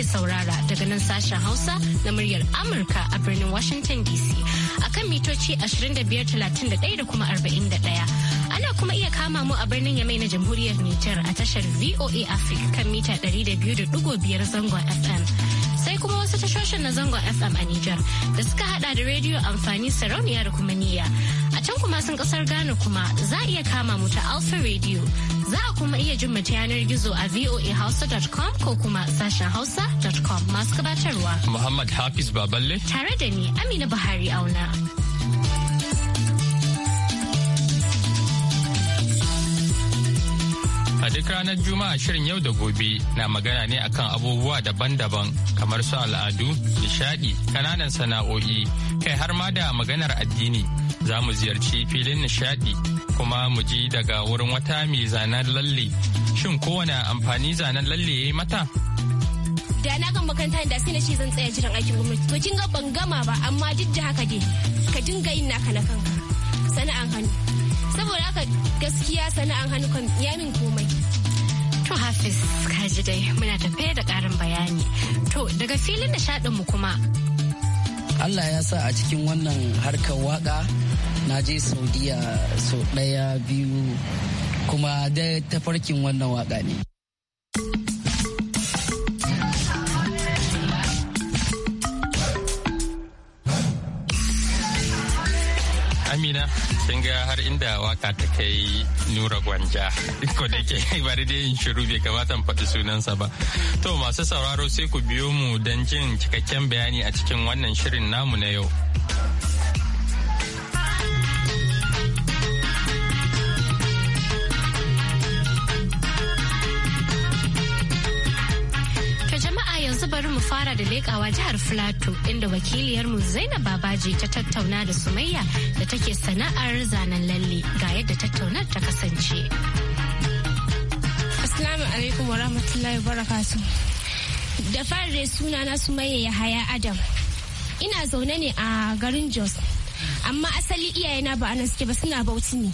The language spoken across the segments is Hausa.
kuke saurara daga nan sashen Hausa na muryar Amurka a birnin Washington DC a kan mitoci 2531 da kuma 41. Ana kuma iya kama mu a birnin Yamai na Jamhuriyar Nijar a tashar VOA Africa kan mita 200.5 zangon FM. sai kuma wasu tashoshin na zangon FM a Nijar da suka hada da rediyo amfani sarauniya da kuma niyya. can kuma sun kasar Ghana kuma za a iya kama mu ta Alpha Radio. Za a kuma iya jin mu ta yanar gizo a voahausa.com ko kuma sashen hausa.com masu gabatarwa. Muhammad Hafiz Baballe. Tare da ni Amina Buhari Auna. A duk ranar Juma'a shirin yau da gobe na magana ne akan abubuwa daban-daban kamar su al'adu, nishadi, kananan sana'o'i, kai har ma da maganar addini. za mu ziyarci filin nishadi kuma mu ji daga wurin wata mai zanen lalle shin kowane amfani zanen lalle ya yi mata da na kan makaranta da sai na ce zan tsaya jiran aikin gwamnati to kin ga ban gama ba amma duk da haka dai ka dinga yin naka na kanka sana'an hannu saboda haka gaskiya sana'an hannu kan ya min komai to hafiz kaji dai muna tafe da karin bayani to daga filin nishadin mu kuma Allah ya sa a cikin wannan harkar waka na je saudiya so ɗaya biyu kuma da tafarkin wannan waka ne Amina, kin ga har inda waka ta kai Nura Gwanja, ko da ke bari dai in shiru bai kamata in faɗi sunansa ba. To masu sauraro sai ku biyo mu don jin cikakken bayani a cikin wannan shirin namu na yau. fara da lekawa jihar Filato inda wakiliyarmu Zainab Babaji ta tattauna da Sumayya da take sana'ar zanen lalle ga yadda tattaunar ta kasance. Assalamu alaikum wa rahmatullahi wa Da fari suna na Sumayya Yahaya Adam. Ina zaune ne a garin Jos. Amma asali iyayena ba anan suke ba suna bauchi ne.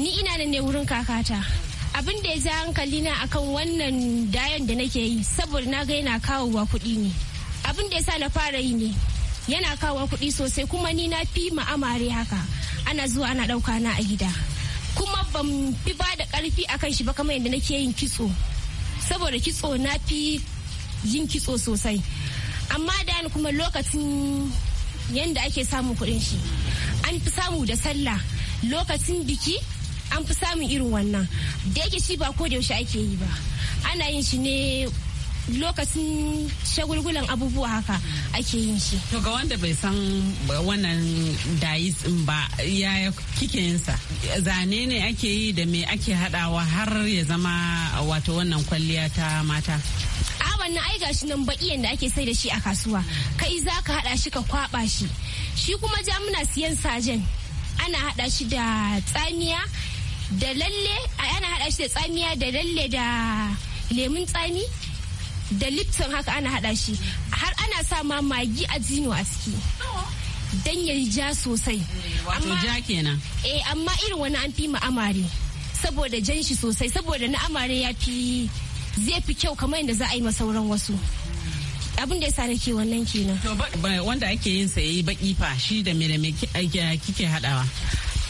Ni ina nan ne wurin kakata. abin da ya ja hankali na akan wannan dayan da nake yi saboda na ga yana kawowa kuɗi ne abin da ya sa na fara yi ne yana kawowa kuɗi sosai kuma ni na fi ma'amare haka ana zuwa ana ɗauka na a gida kuma ban fi ba da ƙarfi akan shi ba kamar yadda nake yin kitso saboda kitso na fi yin kitso sosai amma da kuma lokacin yadda ake samun kuɗin shi an fi samu da sallah lokacin biki an fi samun irin wannan da yake shi ba ko da yaushe ake yi ba ana yin shi ne lokacin shagulgulan abubuwa haka ake yin shi. To ga wanda bai san wannan dais din ba ya kike yinsa. Zane ne ake yi da me ake hadawa har ya zama wato wannan kwalliya ta mata. A wannan ai gashi nan baƙiyan da ake sai da shi a kasuwa. Kai za ka hada shi ka kwaba shi. Shi kuma jamuna siyan sajen. Ana hada shi da tsamiya da lalle ana hada shi da tsamiya da lalle da lemun tsami da lipton haka ana hada shi har ana sa ma magi a zino a ciki dan ya ja sosai wato ja kenan eh amma irin wani an fi ma amare saboda jan shi sosai saboda na amare ya fi zai fi kyau kamar yadda za a yi sauran wasu abin da ya sa nake wannan kenan wanda ake yin sa yayi baki fa shi da me kike hadawa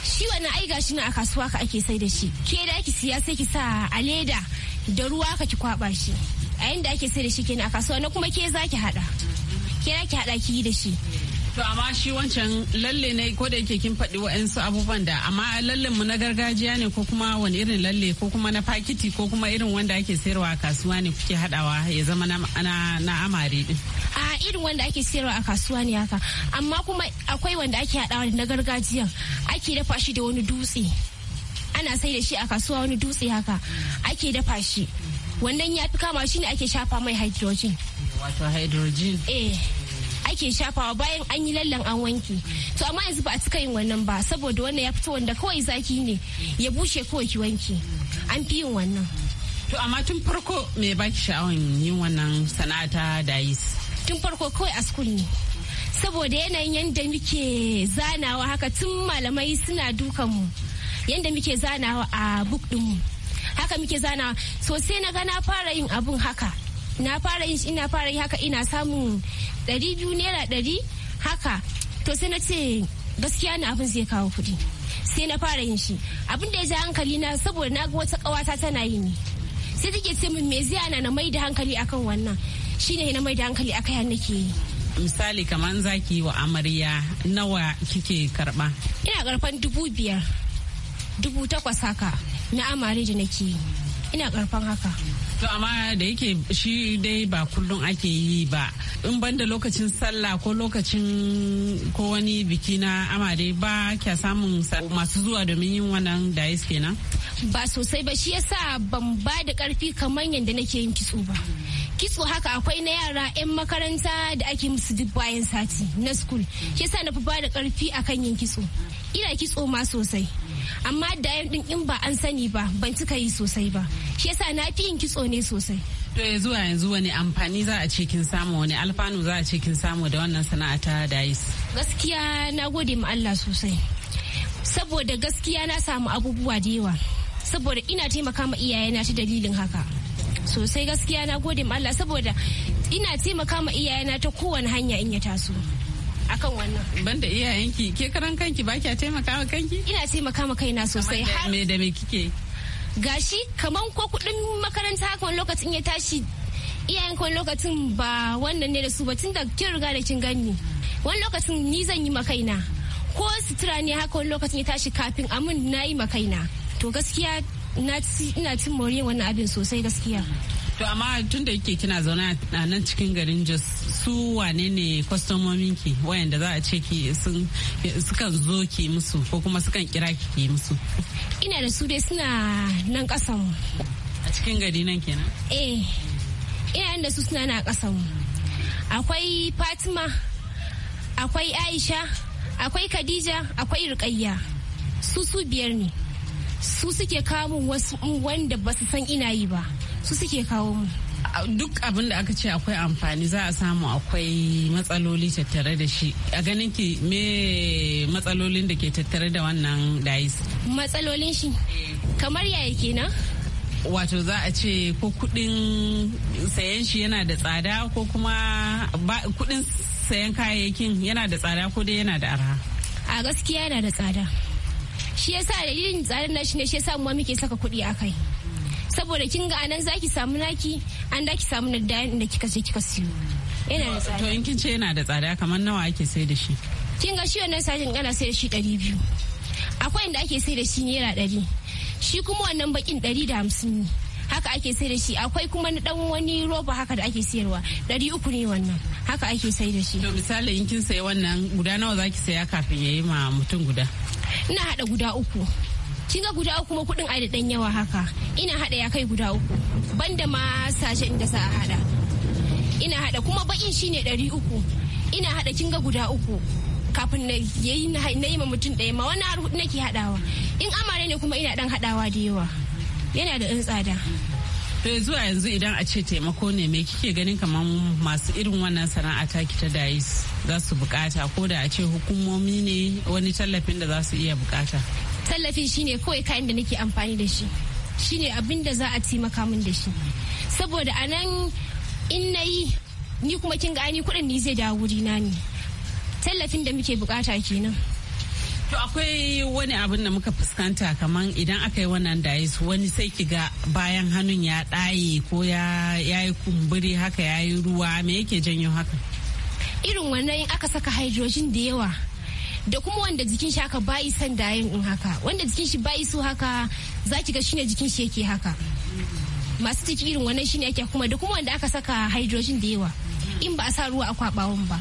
shi wannan ai gashi na a kasuwa ka ake sai da shi ke da ake siya sai ki sa a leda da ruwa ka ki kwaba shi a yanda ake sai da shi kenan a kasuwa na kuma ke za ki hada ke za ki hada ki yi da shi To amma shi wancan lalle ne ko da yake kin faɗi wa'ansu abubuwan da amma lallen mu na gargajiya ne ko kuma wani irin lalle ko kuma na fakiti ko kuma irin wanda ake sayarwa a kasuwa ne kuke hadawa ya zama na na amare din. A irin wanda ake sayarwa a kasuwa ne haka amma kuma akwai wanda ake hadawa na gargajiya ake dafa shi da wani dutse ana sai da shi a kasuwa wani dutse haka ake dafa shi wannan ya fi kama shi ne ake shafa mai hydrogen. Wato hydrogen. Eh. ake shafawa bayan an yi lallan an wanke to amma yanzu ba a cika yin wannan ba saboda wannan ya fito wanda kawai zaki ne ya bushe kawai ki wanke an fi yin wannan to amma tun farko me baki sha'awan yin wannan sana'a ta dais tun farko kawai a school ne saboda yanayin yadda muke zanawa haka tun malamai suna dukanmu yadda muke zanawa a book mu haka muke zanawa sosai na gana fara yin abun haka na fara yin ina fara yi haka ina samun ɗari biyu naira ɗari haka to sai na ce gaskiya na abin zai kawo kuɗi sai na fara yin shi abin da ya ja hankali na saboda na ga wata ƙawata tana yi ne sai take ce min me zai ana na mai da hankali akan wannan shine na mai da hankali akan yadda nake yi misali kamar za ki yi wa amarya nawa kike karba ina karfan dubu biyar dubu takwas haka na amare da nake yi ina karfan haka To amma da yake shi dai ba kullum ake yi ba. In banda lokacin sallah ko lokacin ko wani biki na amare ba kya samun masu zuwa domin yin wannan dais kenan? Ba sosai ba shi yasa ban ba da karfi kamar yadda nake yin kitso ba. Kitso haka akwai na yara 'yan makaranta da ake musu duk bayan sati na school. Shi yasa na fi ba da karfi akan yin kitso. Ina kitso ma sosai. amma da yan din in ba an sani ba ban cika yi sosai ba shi yasa na fi yin kitso ne sosai to ya zuwa yanzu wani amfani za a ce kin samu wani alfanu za a ce kin samu da wannan sana'a ta dais gaskiya na gode ma Allah sosai saboda gaskiya na samu abubuwa da yawa saboda ina taimaka ma iyayena ta dalilin haka sosai gaskiya na gode ma Allah saboda ina taimaka ma iyayena ta kowane hanya in ya taso akan wannan banda iyayenki ke karan kanki ba kya taimaka wa kanki ina taimaka ma kaina sosai har me da me kike gashi kaman ko kudin makaranta haka wani lokacin ya tashi iyayen ko lokacin ba wannan ne da su ba tun da kin riga da kin gani wani lokacin ni zan yi makaina ko sutura ne haka wani lokacin ya tashi kafin amin na yi makaina to gaskiya ina cin moriyar wannan abin sosai gaskiya to amma tun da yake kina zaune a nan cikin garin jos su wane ne kwastomomin ki wayanda za a ce ki sukan zo ki musu ko kuma sukan kira ki ki musu ina da su dai suna nan kasan a cikin gari nan kenan eh ina da su suna na kasan akwai fatima akwai aisha akwai khadija akwai rukayya su su biyar ne su suke kawo wasu wanda ba su san ina yi ba su suke kawo mu duk abin da aka ce akwai amfani za a samu akwai matsaloli tattare da shi a ganin ki me matsalolin da ke tattare da wannan dais matsalolin shi kamar yaya kenan wato za a ce ko kudin sayan shi yana da tsada ko kuma kudin sayan kayayyakin yana da tsada ko dai yana da arha a gaskiya yana da tsada shi yasa dalilin tsadar na shi ne shi yasa muke saka kuɗi a kai saboda kin ga anan zaki samu naki an da ki samu na da kika je kika siyo yana da tsada to in kin ce yana da tsada kamar nawa ake sai da shi kin ga shi wannan sajin kana sai da shi ɗari biyu akwai inda ake sai da shi naira dari shi kuma wannan bakin dari da hamsin ne haka ake sai da shi akwai kuma na dan wani roba haka da ake sayarwa dari uku ne wannan haka ake sai da shi to misali in kin sayi wannan guda nawa zaki saya kafin yayi ma mutum guda ina hada guda uku kin ga guda uku kuma kuɗin ai da ɗan yawa haka ina haɗa ya kai guda uku banda ma sashe da sa a haɗa ina haɗa kuma baƙin shine ɗari uku ina haɗa kin ga guda uku kafin na yi na yi ma mutum daya ma wani har nake haɗawa in amare ne kuma ina dan haɗawa da yawa yana da in tsada to zuwa yanzu idan a ce taimako ne me kike ganin kamar masu irin wannan sana'a ta ki ta dais za su bukata ko da a ce hukumomi ne wani tallafin da za su iya bukata tallafin shine kawai kayan da nake amfani da shi shine abin da za a taimaka min da shi saboda a nan in na yi ni kuma kin ga ni kuɗin ni zai dawo wuri na ne tallafin da muke bukata kenan to akwai wani abin da muka fuskanta kamar idan aka yi wannan dais wani sai ki ga bayan hannun ya ɗaye ko ya yi kumburi haka yayi ruwa me yake janyo haka irin wannan in aka saka hydrogen da yawa da kuma wanda jikin shi haka bayi son dayin in haka wanda jikin shi bayi so haka za ki ga shine jikin shi yake haka masu ciki irin wannan shine ake kuma da kuma wanda aka saka hydrogen da yawa in ba a sa ruwa a kwabawan ba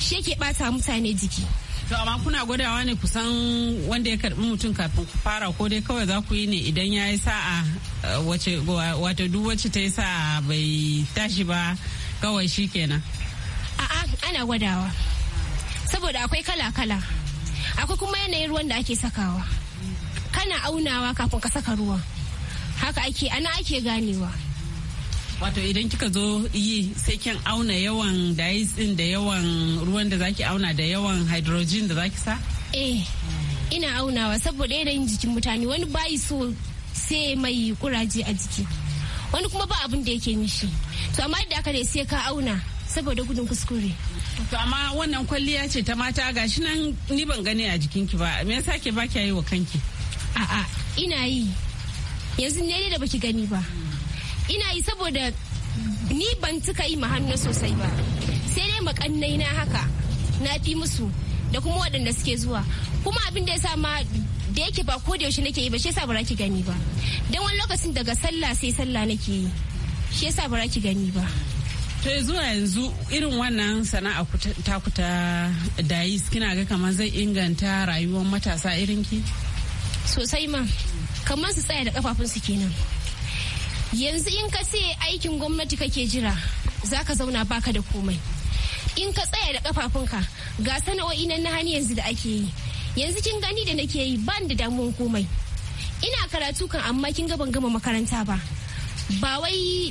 shi yake bata mutane jiki to amma kuna gwadawa ne kusan wanda ya karbi mutum kafin ku fara ko dai kawai za ku yi ne idan ya yi sa'a eh, wace wato duk wacce ta yi sa'a bai tashi ba kawai shi kenan a'a ana gwadawa saboda akwai kala-kala akwai kuma yanayin ruwan da ake sakawa kana aunawa kafin ka saka ruwan haka ake ana ake ganewa wato idan kika zo yi sai kin auna yawan dyes da yawan ruwan da zaki auna da yawan hydrogen da zaki sa eh ina aunawa saboda yanayin jikin mutane wani bayi so sai mai kuraje a jiki wani kuma ba abin da yake mishi to amma da aka ne sai ka auna saboda gudun kuskure to amma wannan kwalliya ce ta mata gashi nan ni ban gani a jikinki ba me yasa ke baki yi wa kanki a'a ina yi yanzu ne da baki gani ba ina yi saboda ni ban tuka yi mahanna sosai ba sai dai makannai na haka na fi musu da kuma waɗanda suke zuwa kuma abin da ya sa ma da yake ba ko da yaushe nake yi ba shi yasa ba ki gani ba dan wani lokacin daga sallah sai sallah nake yi shi yasa ba ki gani ba to zuwa yanzu irin wannan sana'a takuta yi kina ga kamar zai inganta rayuwar matasa irin ki sosai ma kamar su tsaya da kafafunsu kenan yanzu in ka ce aikin gwamnati kake jira za ka zauna baka da komai in ka tsaya da kafafunka ga sana'o'i nan na hannu yanzu da ake yi yanzu kin gani da nake yi ban da damuwan komai ina karatu kan amma kin ga ban gama makaranta ba ba wai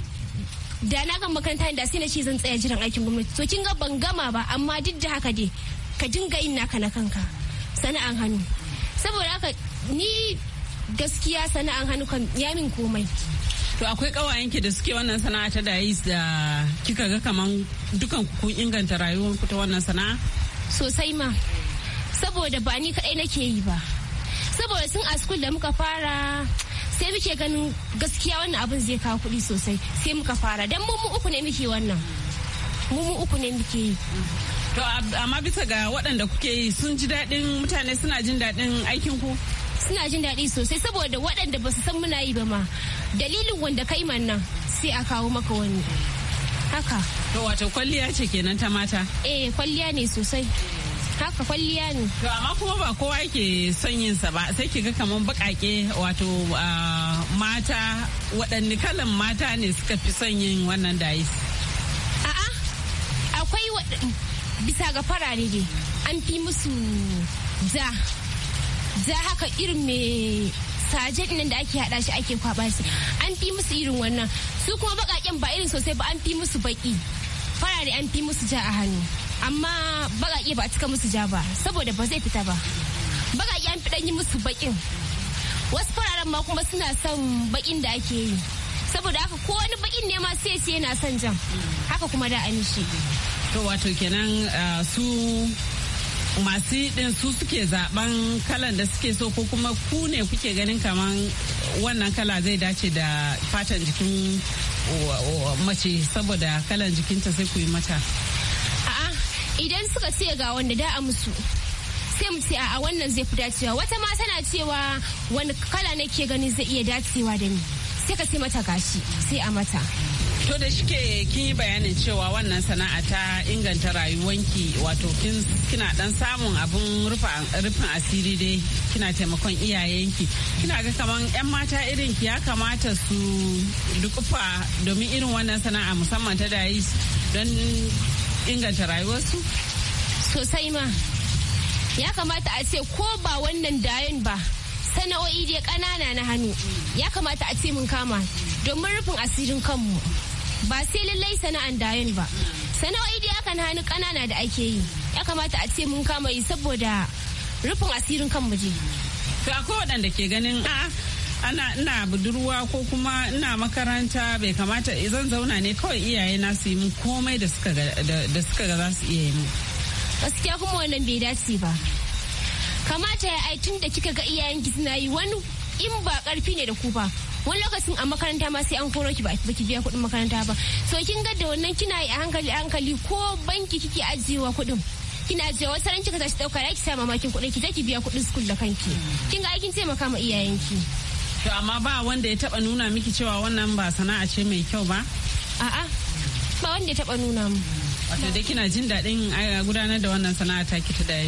da na ga makaranta da sai na ce zan tsaya jiran aikin gwamnati to kin ga ban gama ba amma duk da haka dai ka dinga yin naka na kanka sana'an hannu saboda haka ni gaskiya sana'an hannu kan ya min komai to akwai ki da suke wannan sana'a ta da da kika ga kaman dukan ku inganta rayuwar ku ta wannan sana'a sosai ma saboda ba ni kadai nake yi ba saboda sun a da muka fara sai muke ganin gaskiya wannan abin zai kawo kuɗi sosai sai muka fara dan mu uku ne muke wannan mu mu uku ne muke yi to amma bisa ga waɗanda kuke yi sun ji daɗin mutane suna jin daɗin aikin ku suna jin daɗi sosai saboda waɗanda ba su san muna yi ba ma dalilin wanda kai man nan sai a kawo maka wani haka to wato kwalliya ce kenan ta mata eh kwalliya ne sosai haka kwalliya ne. To amma kuma ba kowa yake son yin sa ba sai ga kaman bakake wato ah, mata waɗanne kalan mata ne suka fi son yin wannan dais. A'a akwai bisa ga farare ne an fi musu ja ja haka irin mai saje nan da ake hada shi ake kwaba shi an fi musu irin wannan su kuma bakaken ba irin sosai ba an fi musu baki farare an fi musu ja a hannu. amma iya ba cika musu ja ba saboda ba zai fita ba baƙaƙe an fi ɗan yi musu bakin wasu fararen ma kuma suna son baƙin da ake yi saboda haka ko wani baƙin ne ma sai sai yana son jan haka kuma da an shi to wato kenan ah, su masu din su suke zaben kalan da suke so ko kuma ku ne kuke ganin kaman wannan kala zai dace da fatan jikin mace saboda kalan jikinta sai ku yi mata idan suka ce ga wanda da'a musu sai mu ce a wannan zai fi dacewa wata ma tana cewa wani kala nake gani zai iya dacewa da ni sai ka sai mata gashi sai a mata to da shike kin yi bayanin cewa wannan sana'a ta inganta rayuwanki wato kin kina dan samun abun rufin asiri dai kina taimakon iyayenki kina ga kaman yan mata irin ki ya kamata su dukufa domin irin wannan sana'a musamman ta yi don inganta rayuwarsu? Sosai ma. Ya kamata a ce ko ba wannan dayan ba sana'o'i dai ƙanana na hannu ya kamata a ce mun kama domin rufin asirin kanmu ba sai lallai sana'an dayan ba sana'o'i da yakan hannu ƙanana da ake yi ya kamata a ce mun kama yi saboda rufin asirin kanmu je. To akwai waɗanda ke ganin aa ana ina budurwa ko kuma ina makaranta bai kamata zan zauna ne kawai iyaye na su yi min komai da suka ga za su iya yi min gaskiya kuma wannan bai dace ba kamata ya ai tun da kika ga iyayen ki suna yi wani in ba karfi ne da ku ba wani lokacin a makaranta ma sai an koro ki ba ki biya kuɗin makaranta ba so kin ga da wannan kina yi a hankali a hankali ko banki kike ajiyewa kuɗin kina je wasu ran kika tashi dauka ya ki sa mamakin kuɗin ki je ki biya kuɗin school da kanki kin ga aikin taimaka ma iyayenki To amma ba wanda ya taba nuna miki cewa wannan ba sana'a ce mai kyau ba? A'a, ba wanda ya taba nuna mu. Wato da kina jin daɗin eh, gudanar da wannan sana'a ta kita da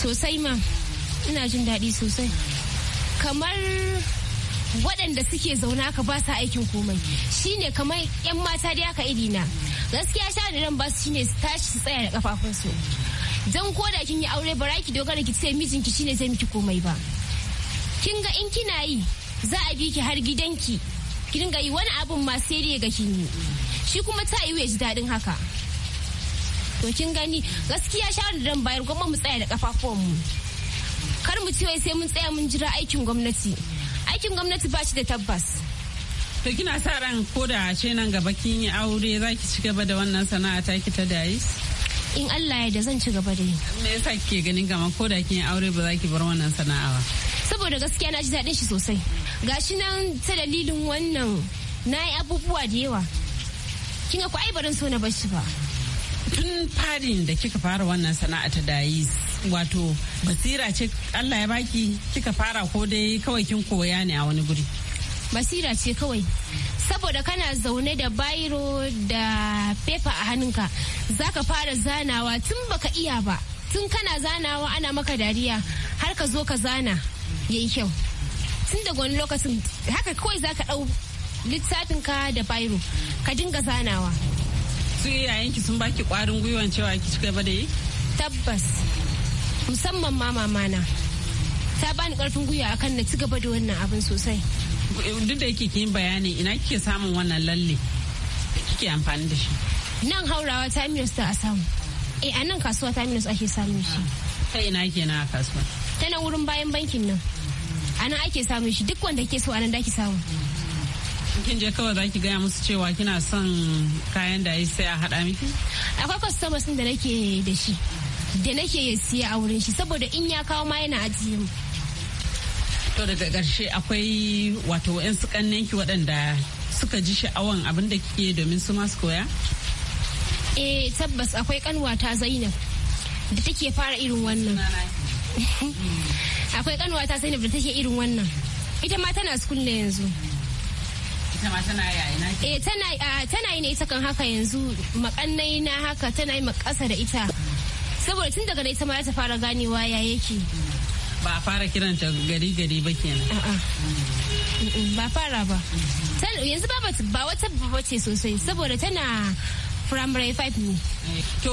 Sosai ma, ina jin daɗi sosai. Kamar waɗanda suke zaune aka ba sa aikin komai shi ne kamar 'yan mata dai aka iri na gaskiya sha'aniran ba su shine su tashi su tsaya da kafafunsu don ko da kin yi aure bara ki dogara ki ce mijinki shine zai miki komai ba kin ga in kina yi za a bi ki har gidanki ki dinga yi wani abun ma sai dai ga kin yi shi kuma ta yi ji dadin haka to kin gani gaskiya shawarar da bayar kuma mu tsaya da mu kar mu ce sai mun tsaya mun jira aikin gwamnati aikin gwamnati ba shi da tabbas to kina sa ran ko da ce nan gaba kin yi aure za ki ci gaba da wannan sana'a ta ki ta dais in Allah ya da zan ci gaba da yi me yasa kike ganin gama ko da kin yi aure ba za ki bar wannan sana'a ba saboda gaskiya na ji daɗin shi sosai gashi nan ta dalilin wannan na yi abubuwa da yawa kina ku ai barin so na bar ba tun farin da kika fara wannan sana'a ta dayi wato basira ce Allah ya baki kika fara ko dai kawai kin koya ne a wani guri basira ce kawai saboda kana zaune da bairo da fefa a hannunka zaka fara zanawa tun baka iya ba tun kana zanawa ana maka dariya har ka zo ka zana yayi kyau tun daga wani lokacin haka kawai za ka ɗau ka da biro ka dinga zanawa su yayanki sun baki kwarin gwiwan cewa ki gaba da yi tabbas musamman ma mamana ta bani karfin gwiwa akan na ci gaba da wannan abin sosai duk da yake kin bayani ina kike samun wannan lalle kike amfani da shi nan haurawa ta minus ta a samu eh a nan kasuwa ta minus ake samun shi ta ina kenan a kasuwa tana wurin bayan bankin nan nan ake samun shi duk wanda ke so anan da ki samu kin je kawai zaki gaya musu cewa kina son kayan da sai a haɗa miki? Akwai customers da nake da shi, da nake siya a wurin shi saboda in ya kawo ma yana ajiye mu. To daga karshe akwai wato ƴan su ki waɗanda suka ji sha'awan abin da kike domin su masu koya? Eh tabbas akwai kanwata Zainab da take fara irin wannan. akwai kanuwa ta sai da take irin wannan ita ma tana school ne yanzu ita ma tana eh, tana yi ne ita kan haka yanzu makannai na haka tana yi makasa da ita saboda tun daga ita ma ta fara ganewa ya yake ba a fara kiranta gari gari ba kenan ba fara ba mm-hmm. yanzu ba ba wata ba ce sosai saboda tana primary five mu. to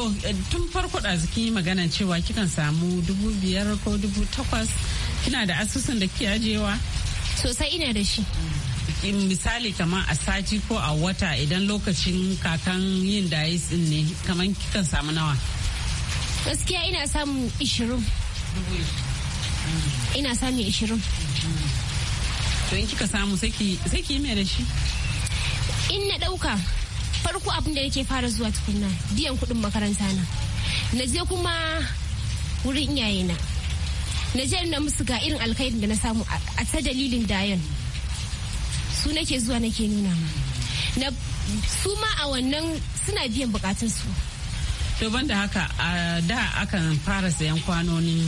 tun farko da ziki magana cewa kikan samu dubu biyar ko dubu takwas kina da asusun da kike ajewa sosai ina da shi in misali kamar a sati ko a wata idan lokacin kakan yin ya din ne kamar kikan samu nawa gaskiya ina samu ishirin ina samu ishirin to in kika samu sai ki yi mai da shi in na dauka farko abin da yake fara zuwa tukunna biyan kuɗin makaranta na na je kuma wurin iyaye na na je na musu ga irin alkhairin da na samu a ta dalilin dayan su nake zuwa nake nuna na su ma a wannan suna biyan bukatunsu to banda haka a da akan fara sayan kwanonin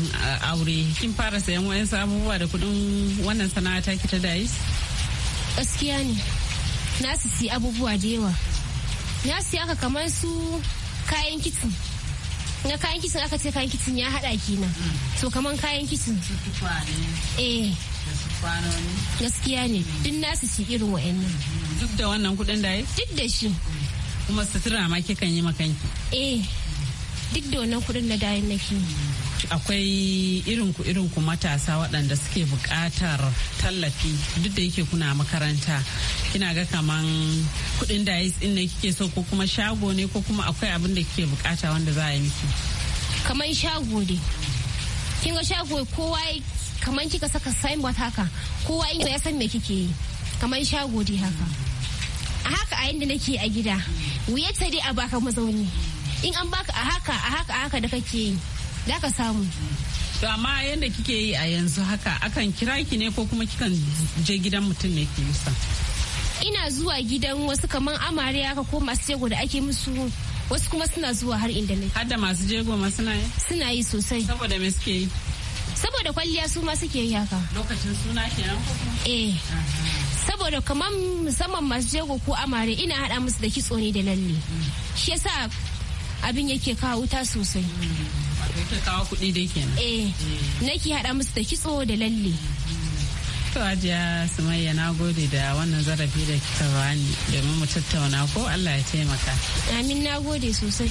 aure kin fara sayan wayan abubuwa da kudin wannan sana'a ta ki ta dais gaskiya ne na su si abubuwa da yawa na siya ka kamar su kayan kitin na kayan kitin aka ce kayan kitin ya hada kenan so kamar kayan kitin eh gaskiya ne duk nasu shi irin wa'annan duk da wannan kudin da duk da shi kuma sutura ma kikan yi makanki eh duk da wannan kudin na dayan nake akwai irin ku irin ku matasa waɗanda suke buƙatar tallafi duk da yake kuna makaranta kina ga kaman kudin da din ne kike so ko kuma shago ne ko kuma akwai abin da kike bukata wanda za a yi miki kaman shago ne kin ga shago kowa kaman kika saka sign signboard haka kowa in ya san me kike yi kaman shago dai haka a haka a yanda nake a gida wuya ta dai a baka mazauni in an baka a haka a haka a haka da kake yi da ka samu To amma yadda kike yi a yanzu haka akan kira ki ne ko kuma kikan je gidan mutum ne ke yusa? ina zuwa gidan wasu kaman amare haka ko masu jego da ake musu wasu kuma suna zuwa har inda ne Hadda masu jego ma suna yi suna yi sosai saboda me suke yi saboda kwalliya su ma suke yi haka lokacin suna kenan eh saboda kamar musamman masu jego ko amare ina hada musu da kitso ne da lalle mm. shi yasa abin yake kawo wuta sosai mm. Wato yake kawo kuɗi dai kenan eh mm. nake hada musu da kitso da lalle To Hajiya Sumayya na gode da wannan zarafi da kika bani domin mu tattauna ko Allah ya taimaka. Amin na gode sosai.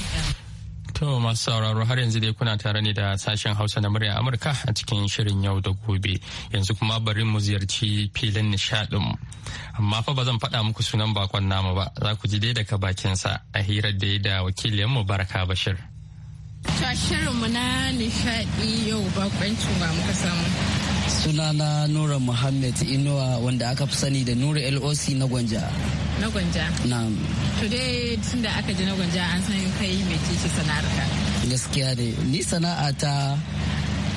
To masu sauraro har yanzu dai kuna tare ne da sashen Hausa na murya Amurka a cikin shirin yau da gobe. Yanzu kuma bari mu ziyarci filin nishaɗin. Amma fa ba zan faɗa muku sunan bakon namu ba, za ku ji dai daga bakin sa a hirar da ya da mu Baraka Bashir. Ta na nishaɗi yau bakon ba muka samu. sunana nura muhammed inuwa wanda aka fi sani da nura loc na gwanja na gwanja na'am today tun da aka ji na gwanja an san kai mai sana'ar ka. gaskiya ne ni sana'a ta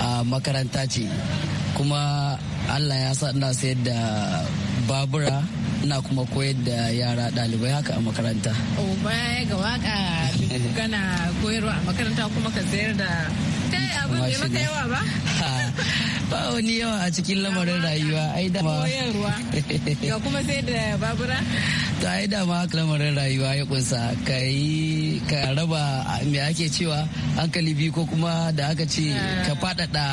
a makaranta ce kuma allah ya sa ina sayar da babura ina kuma koyar da yara ɗalibai haka a makaranta oh, baya ga waka kana koyarwa a makaranta kuma ka sayar da kai abin bai maka yawa ba ah. ba wani yawa a cikin lamarin rayuwa ai da ma ya kuma sai da babura to ai da ma lamarin rayuwa ya kunsa kai ka raba me ake cewa hankali biyu ko kuma da aka ce eh. ka faɗaɗa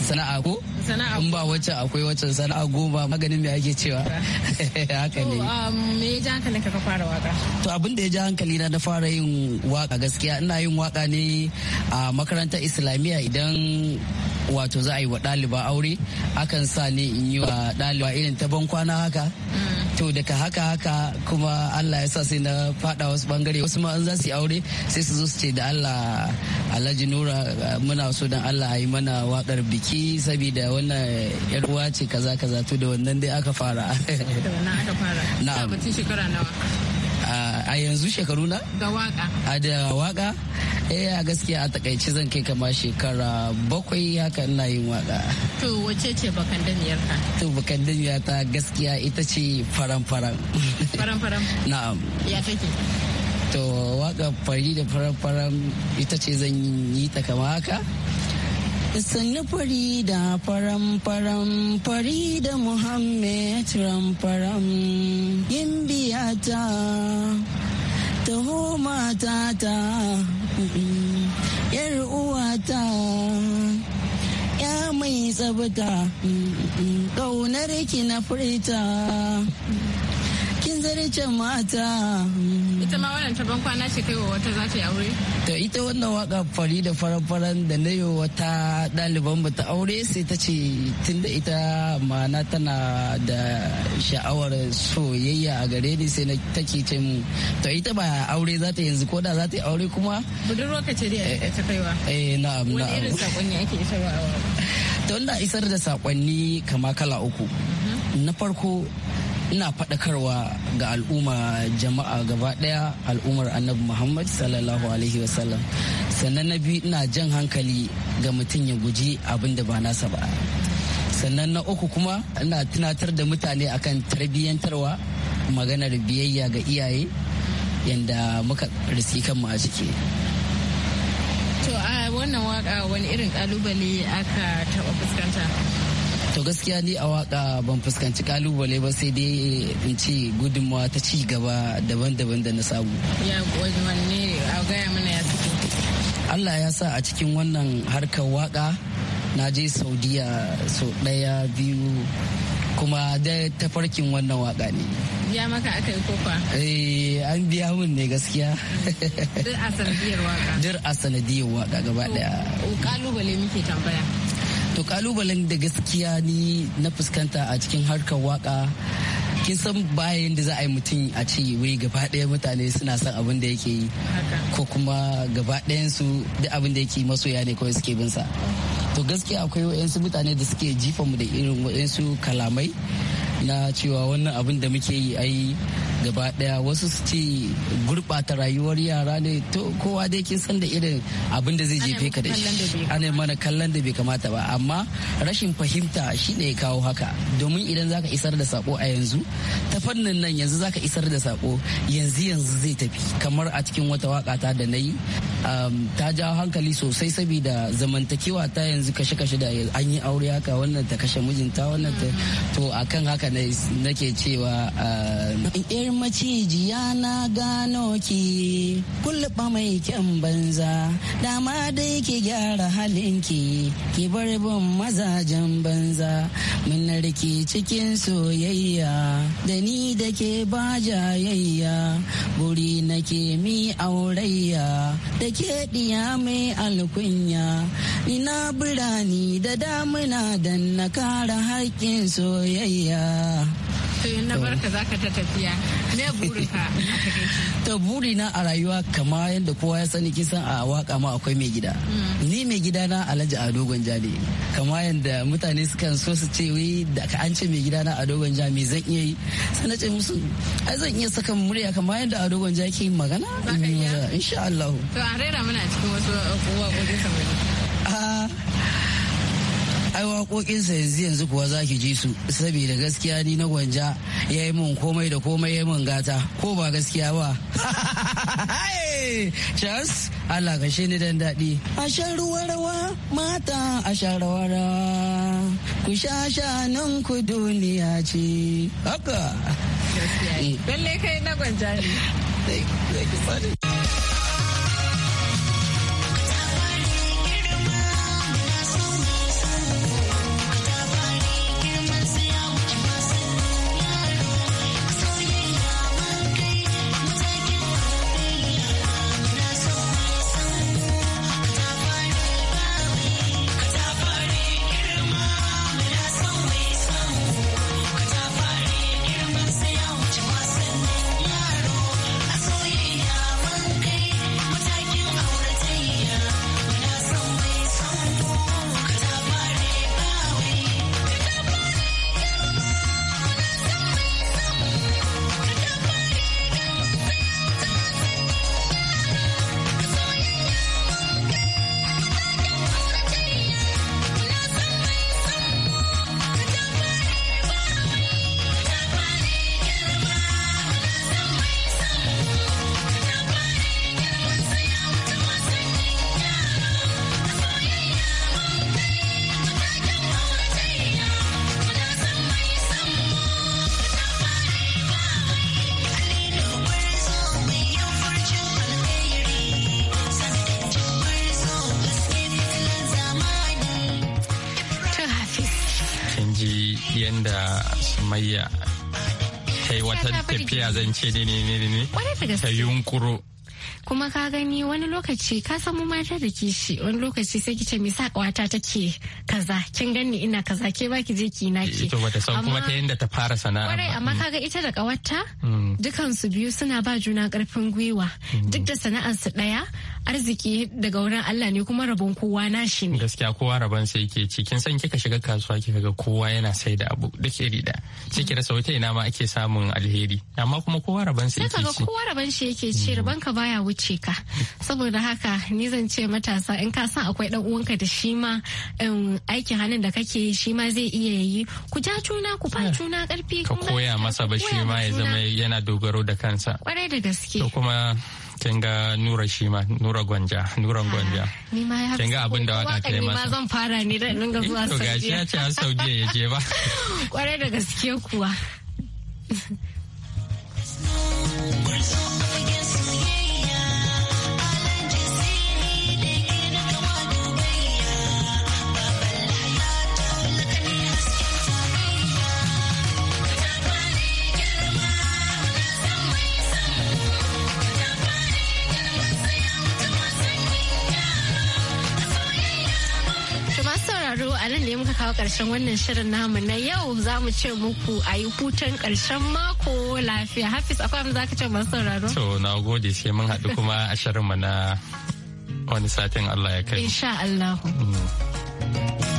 sana'a ko sana'a in ba wacce akwai wacce sana'a goma maganin me ake cewa haka ne um, me ya ji hankalin ka fara waka to abin da ya ji hankali na na fara yin waka gaskiya ina yin waka ne a makarantar islamiyya idan wato za a yi wa ɗaliba aure akan sa ne in yi wa ɗaliba irin ta bankwana haka mm. to daga haka haka kuma allah ya sa sai na fada wasu bangare wasu ma an za su yi aure sai su zo su ce da allah alhaji nura muna so don allah a yi mana wakar biki ki saboda wannan eh, yar uwa ce kaza kaza to da wannan dai aka fara da wannan aka fara na'am shekara nawa a yanzu shekaru na ga waka a da waka eh a gaskiya a takaice zan kai kama shekara bakwai haka ina yin waka to wace ce bakandaniyar ka to bakandaniya ta gaskiya ita ce faran faran faran faran na'am ya take to waka fari da faran faran ita ce zan yi ta kama haka fari da faram faram fari da muhammed ram faram yin biyata taho ta yar uwata ya mai tsabta ƙaunar ki na furta zarce mata. Ita ma wannan taban kwana ce kai wa wata za ta yi aure? To ita wannan waka fari da faran-faran da na yi wata ɗaliban ba ta aure sai ta ce tun da ita ma'ana tana da sha'awar soyayya a gare ni sai na take ce mu to ita ba aure za ta yanzu ko da za ta yi aure kuma. Budurwa ka ce dai ta kaiwa. Eh na'am na'am. Wani irin saƙon ne ake isarwa a Don wanda isar da saƙonni kama kala uku. Mhm. Na farko ina faɗakarwa ga al'umma jama'a gaba ɗaya al'ummar annabi muhammad sallallahu alaihi wasallam sannan na biyu ina jan hankali ga mutum ya guji abin da ba nasa ba sannan na uku kuma ina tunatar da mutane akan tarbiyyantarwa maganar biyayya ga iyaye yadda muka riski kanmu a ciki to a wannan waka wani irin kalubale aka taɓa fuskanta to gaskiya ni a waka ban fuskanci kalubale ba sai dai in ce gudunmawa ta ci gaba daban-daban da na samu ya wanne a gaya mana ya Allah ya sa a cikin wannan harkar waka na je saudiya sau daya biyu kuma da tafarkin wannan waka ne biya maka aka yi kofa? Eh, an biya mun ne gaskiya. Dir a sanadiyar waka. Dir a sanadiyar waka gaba daya. Kalubale muke tambaya. to kalubalen da gaskiya ni na fuskanta a cikin harkar waka kin san bayan da za a yi mutum a ce wai gaba ɗaya mutane suna son abin da yake yi ko kuma gaba su duk abin da yake masoya ne kawai suke bin sa to gaskiya akwai wayansu mutane da suke jifa mu da irin wayansu kalamai na cewa wannan abin da muke yi ai gaba daya wasu su ce gurɓata rayuwar yara ne to kowa dai kin san da irin abin da zai jefe ka da shi ana mana kallon da bai kamata ba amma rashin fahimta shi ne ya kawo haka domin idan zaka isar da sako a yanzu ta fannin nan yanzu zaka isar da sako yanzu yanzu zai tafi kamar a cikin wata waka ta da nayi um, ta jawo hankali sosai saboda zamantakewa ta yanzu kashe-kashe da an yi aure haka wannan ta kashe mijinta wannan ta to akan haka nake cewa uh, macijiya na gano ki kulluɓa mai kyan banza dama dai ki gyara halinki ki bar bin mazajen banza mun rike cikin soyayya da ni da ke ba jayayya guri nake mi aurayya da ke ɗiya mai alkunya ina birani da damuna don na kara haƙƙin soyayya ta buri na barka ta tafiya burina a rayuwa kama yadda kowa ya sani kisan a waka ma akwai mai gida mm. ni mai gida na Alhaji Ado Gwanjale kama yadda mutane sukan so su ce wai da ka an ce mai gida na Ado Gwanja me zan iya yi sai na ce musu ai zan iya saka murya kama yadda Ado Gwanja yake magana insha Allah to an rera muna cikin wasu waƙoƙi kamar ai waƙoƙinsa yanzu yanzu kuwa za ki ji su saboda gaskiya ni na gwanja ya yi mun komai da komai ya yi mun gata ko ba gaskiya ba Charles Allah ka ni dan daɗi. A shan ruwa rawa mata a shan rawa rawa ku sha nan ku duniya ce. Haka. Mm. Lalle kai na gwanja ne. gwagwarmayya ta wata tafiya zan ce ne ne ne ne ta yunkuro kuma ka gani wani lokaci ka samu mata da kishi wani lokaci sai kice me sa kawata take kaza kin gani ina kaza ke baki je ki na ki eh, to bata kuma ta yanda ta fara sana'a kwarai amma mm. kaga ita da kawarta mm. dukan su biyu suna ba juna karfin gwiwa mm. duk da sana'ar su daya arziki daga wurin Allah ne kuma rabon kowa na shi ne gaskiya kowa rabon sai yake ci kin san kika shiga kasuwa kika ga kowa yana sai da abu duk iri da sai ki rasa wata ina ma ake samun alheri amma kuma kowa rabon sai yake ci kowa rabon shi yake ci rabon ka baya wuce wuce ka saboda haka ni zan ce matasa in ka san akwai dan uwanka da shi ma um, aikin hannun da kake shi ma zai iya yi ku ja juna ku ba eh, juna karfi ka koya masa ba shi ma ya zama yana dogaro da kansa kwarai da gaske to kuma kin ga nura shi ma nura gwanja nura ah, gwanja kin ga abin da waka ta yi masa zan fara ne da dinga zuwa saudiya to gashi ya ce har saudiya ya je ba kwarai da gaske kuwa We're so ne muka kawo ƙarshen wannan shirin namu na yau za mu ce muku a yi hutun karshen mako lafiya. Hafiz akwai za ka ce masu sauraro? To na gode sai mun haɗu kuma a shirinmu na wani satin Allah ya kai. Insha Allah. Mm.